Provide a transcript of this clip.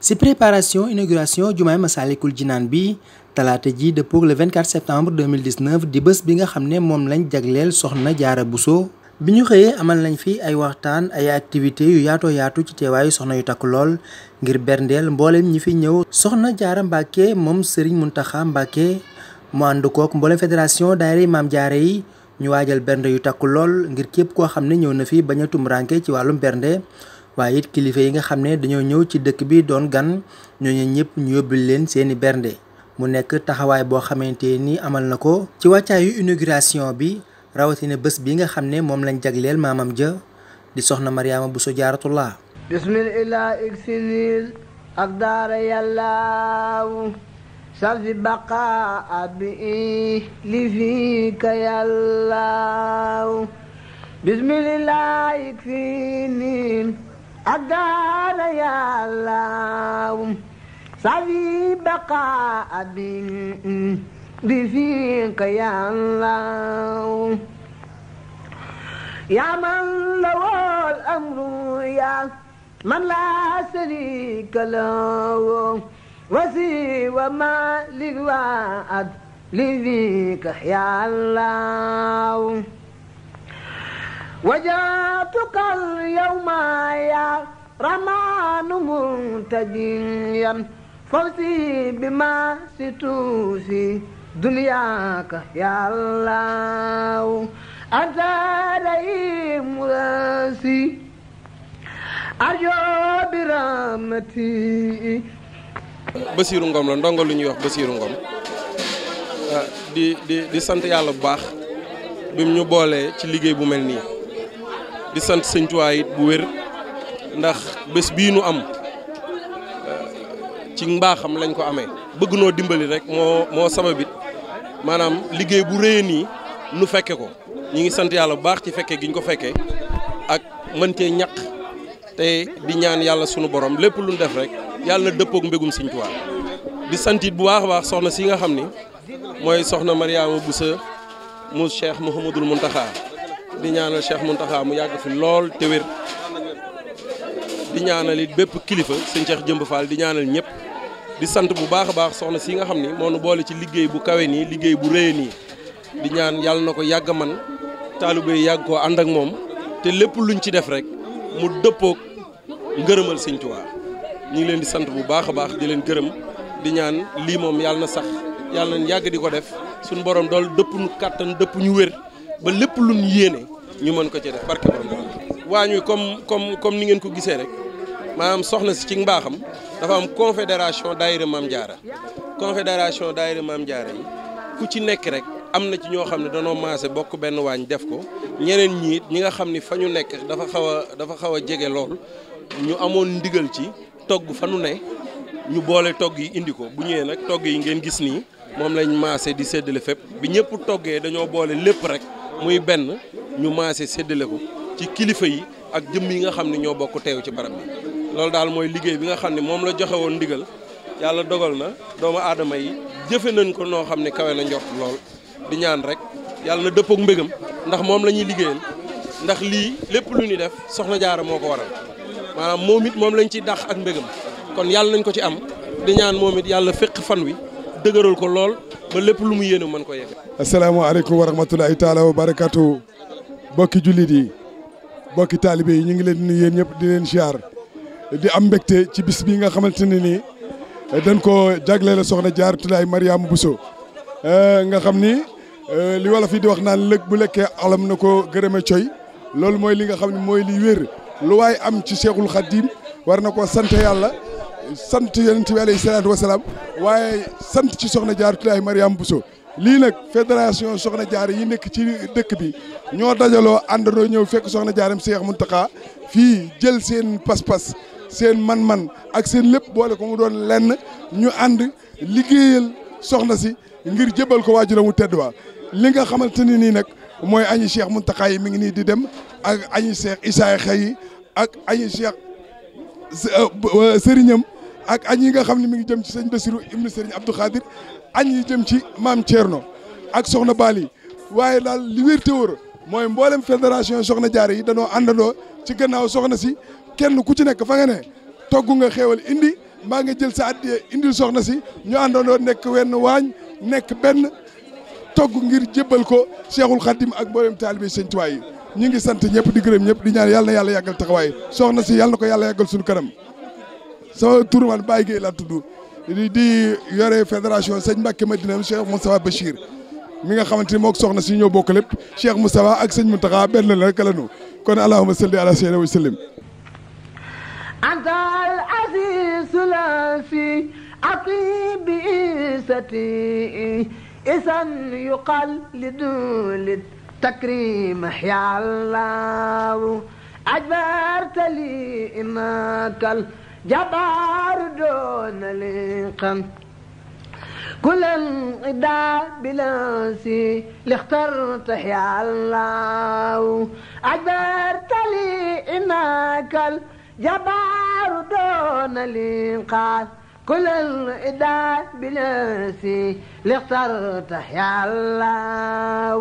ci préparation inauguration jumaay Massalikul Jinaan bi talaata ji dëppook le 24 septembre 2019 di bés bi nga xam ne moom lañ jagleel soxna Jaara Buso bi ñu xëyee amal nañ fi ay waxtaan ay activités yu yaatoo yaatu ci teewaayu soxna yu takk lool ngir berndeel mboolem ñi fi ñëw soxna Jaara Mbàkke moom Sëriñ Muntaxa Mbàkke mu ànd kook mboolem fédération daayira Maam Jaara yi ñu waajal bernde yu takku lool ngir képp koo xam ne ñëw na fi bañ a ci wàllum bernde waaye it kilifa yi nga xam ne dañoo ñëw ci dëkk bi doon gan ñooñu ñëpp ñu yóbbu leen seeni bernde mu nekk taxawaay boo xamante ni amal na ko ci wàccaayu inauguration bi rawatina bés bi nga xam ne moom lañ jagleel maamam ja di soxna Mariama Bousso Diaratullaah bismillah igsinil ak daara أدار يا الله سعي بقاء بفيك يا الله يا من له الأمر يا من لا شريك له وسوى مالك وعد لذيك يا الله وجاتك اليوم يا رمان مرتجيا فوزي بما ستوسي دنياك يا الله أنت لي مراسي أرجو برامتي Bassirou Ngom la ndongo lu ñuy wax Bassirou Ngom ah, di sant yàlla bu baax bim ñu boolee ci liggéey bu mel nii di sant sëñ bu wér ndax bés bii nu am eh, ci mbaaxam lañ ko amee bëgg noo dimbali rek moo moo sababit maanaam liggéey bu rëy nii nu fekke ko ñi ngi sant yàlla bu baax ci fekke giñ ko fekkee ak mën cee ñaq te di ñaan yàlla sunu borom lépp lu nu def rek yàlla na dëppook mbégum sëñ Tuubaa di sant it bu waax a baax soxna si nga xam ni mooy soxna Mariama Bousso mu Cheikh Mouhamadul Mountakha di ñaanal mu Mountakha mu yàgg fi lool te wér di ñaanal it bépp kilifa sëñ Cheikh Jëmb Fall di ñaanal ñëpp di sant bu baax a baax soxna si nga xam ni moo nu boole ci liggéey bu kawe nii liggéey bu rëy nii di ñaan yàlla na ko yàgg man taalibe yi yàgg koo ànd ak moom te lépp luñ ci def rek mu dëppook ngërëmal sëñ Tuubaa ñu ngi leen di sant bu baax a baax di leen gërëm di ñaan lii moom yàlla na sax yàlla nañ yàgg di ko def suñu borom dool dëpp ñu kàttan dëpp ñu wér ba lépp lu ñu yéene ñu mën ko ci def barke borom waa wi comme comme comme ni ngeen ko gisee rek maanaam soxna si ci mbaaxam dafa am confédération daayira Maam Jaara confédération daayira Maam Jaara yi ku ci nekk rek am na ci ñoo xam ne danoo maase bokk benn waañ def ko ñeneen ñiit ñi nga xam ni fa ñu nekk dafa xaw a dafa xaw a jege lool ñu amoon ndigal ci togg fa nu ne ñu boole togg yi indi ko bu ñëwee nag togg yi ngeen gis nii moom lañ maase di séddale fépp bi ñëpp toggee dañoo boole lépp rek muy benn ñu maase séddale ko ci kilifa yi ak jëm yi nga xam ne ñoo bokk teew ci barab bi loolu daal mooy liggéey bi nga xam ne moom la joxe woon ndigal yàlla dogal na doomu aadama yi jëfe nañ ko noo xam ne kawe na njort lool di ñaan rek yàlla na dëppook mbégam ndax moom la ñuy liggéeyal ndax lii lépp lu ñuy def soxna jaara moo ko waral waa moom it moom lañ ciy dàq ak mbégam kon yàlla nañ ko ci am di ñaan moom it yàlla féq fan wi dëgëral ko lool ba lépp lu mu yéene mën ko yegg. asalaamaaleykum wa rahmatulahi taala wa barakaatu bokki jullit yi bokki taalibe yi ñu ngi leen di nuyu yéen ñëpp di leen ziar di am mbégte ci bis bi nga xamante ne nii dañ ko jagleel soxna Jaaratullaay Mariama Bousso eh, nga xam ni eh, li wolof yi di wax naan lëg bu lekkee alam na ko gërëme coy loolu mooy li nga xam ne mooy li wér lu waay am ci Cheikhul Khadim war na ko sant yàlla sant yonent bi alayhi salaatu wasalaam waaye sant ci soxna jaar jaaratullaahi Mariam Bousso lii nag fédération soxna jaar yi nekk ci dëkk bi ñoo dajaloo àndandoo ñëw fekk soxna jaaram Seex taxa fii jël seen pas-pas seen man-man ak seen lépp boole ko mu doon lenn ñu ànd liggéeyal soxna si ngir jébal ko waajuramu tedd wa li nga xamante ni nii nag mooy añi Seex Muntaxa yi mi ngi nii di dem ak añi Seex Isaa yi ak añi Seex euh, euh, sëriñam ak añ yi nga xam ne mi ngi jëm ci sëñ Bassirou ibnu Serigne Abdou Khadir añ yi jëm ci maam Thierno ak soxna Bali waaye daal li wér te mooy mboolem fédération soxna jaar yi danoo àndandoo ci gannaaw soxna si kenn ku ci nekk fa nga ne togg nga xéewal indi maa ngi jël sa addiye indil soxna si ñu àndandoo nekk wenn waañ nekk benn togg ngir jébbal ko Cheikhul Khadim ak mboolem taalibe sëñ Tuubaa yi ñu ngi sant ñëpp di gërëm ñëpp di ñaan yàlla na yàlla yàggal taxawaay soxna si yàlla ko yàlla yàggal suñu kanam sama tur man Baye Gueye laa tudd di yore fédération sëñ Mbacke Madina Cheikh Moustapha Bachir mi nga xamante ni moo soxna si ñoo bokk lépp Cheikh Moustapha ak sëñ Mountakha benn la rek la ñu kon allahumma salli ala sayyidina wa anta al aziz la fi aqibi isati isan yuqal lidul takrim ya allah ajbarta li imakal jabaaru doon li xam kulan daa bilansi lixtarta yàllaaw ajbartali inaakal jabaaru doon li xaal kulan daa bilansi lixtarta yàllaaw